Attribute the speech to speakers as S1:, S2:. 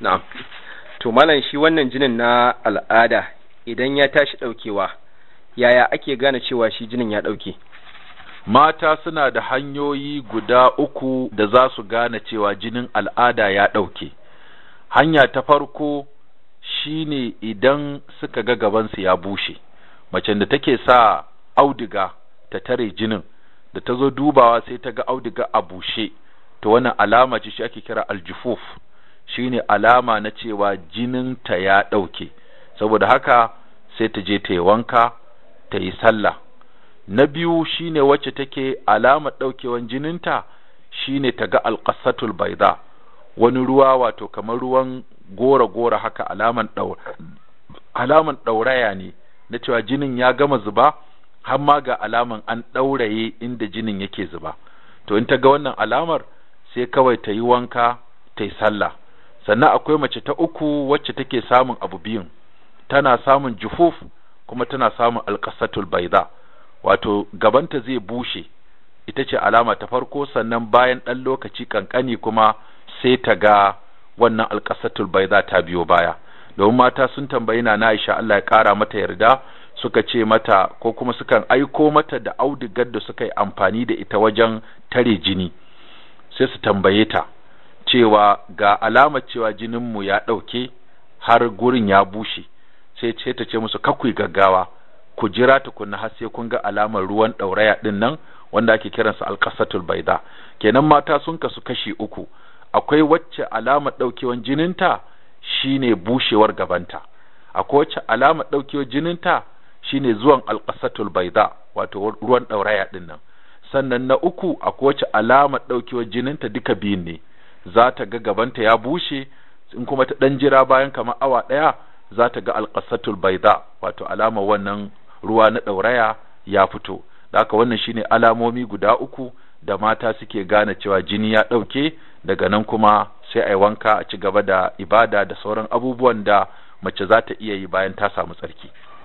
S1: na'am to malam shi wannan jinin na al'ada idan ya tashi daukewa yaya ake gane cewa shi jinin ya dauke mata suna da hanyoyi guda uku da za su gane cewa jinin al'ada ya dauke hanya ta farko shine idan suka ga gabansu ya bushe macen da take sa auduga ta tare jinin da ta zo dubawa sai ta ga auduga a bushe to wannan alama ce shi ake kira aljufuf shine alama na cewa jininta ya ɗauke saboda haka sai ta je ta yi wanka ta yi sallah na biyu shine wacce take alama ɗaukewan jininta shine ta ga alƙasatul baiza wani ruwa wato kamar ruwan gora-gora haka alaman ɗauraya ne na cewa jinin ya gama zuba har ma ga alaman an ɗauraye inda jinin yake zuba to in ta ga wannan alamar sai kawai ta yi wanka ta yi sallah sannan akwai mace ta uku wacce take samun abu biyun tana samun jufuf kuma tana samun alƙasatul baiza wato gabanta zai bushe ita ce alama ta farko sannan bayan ɗan lokaci kankani kuma sai ta ga wannan alƙasatul baiza ta biyo baya domin mata sun tambayi na Aisha Allah ya ƙara mata yarda suka ce mata ko kuma sukan aiko mata da audigar da suka yi amfani da ita wajen tare jini sai su tambaye ta cewa ga alamar cewa jininmu ya ɗauke har gurin ya bushe sai ce ta ce musu kakwai gaggawa ku jira tukunna har sai kun ga alamar ruwan ɗauraya ɗin nan wanda ake kiransa alƙasatul baida kenan mata sun kasu kashi uku akwai wacce alamar ɗaukewan jininta shine bushewar gabanta akwai wacce alamar ɗaukewar jininta shine zuwan alƙasatul baida wato ruwan ɗauraya ɗin nan sannan na uku akwai wacce alamar ɗaukewar jininta duka biyun ne za ta ga gabanta ya bushe in kuma ta ɗan jira bayan kamar awa ɗaya za ta ga alƙasatul baida wato alama wannan ruwa na ɗauraya ya fito da haka wannan shine alamomi guda uku da mata suke gane cewa jini ya ɗauke daga nan kuma sai a yi wanka a ci gaba da ibada da sauran abubuwan da mace za ta iya yi bayan ta samu tsarki